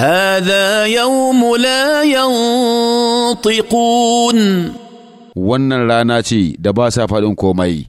هذا يوم لا ينطقون wannan rana ce da ba sa faɗin komai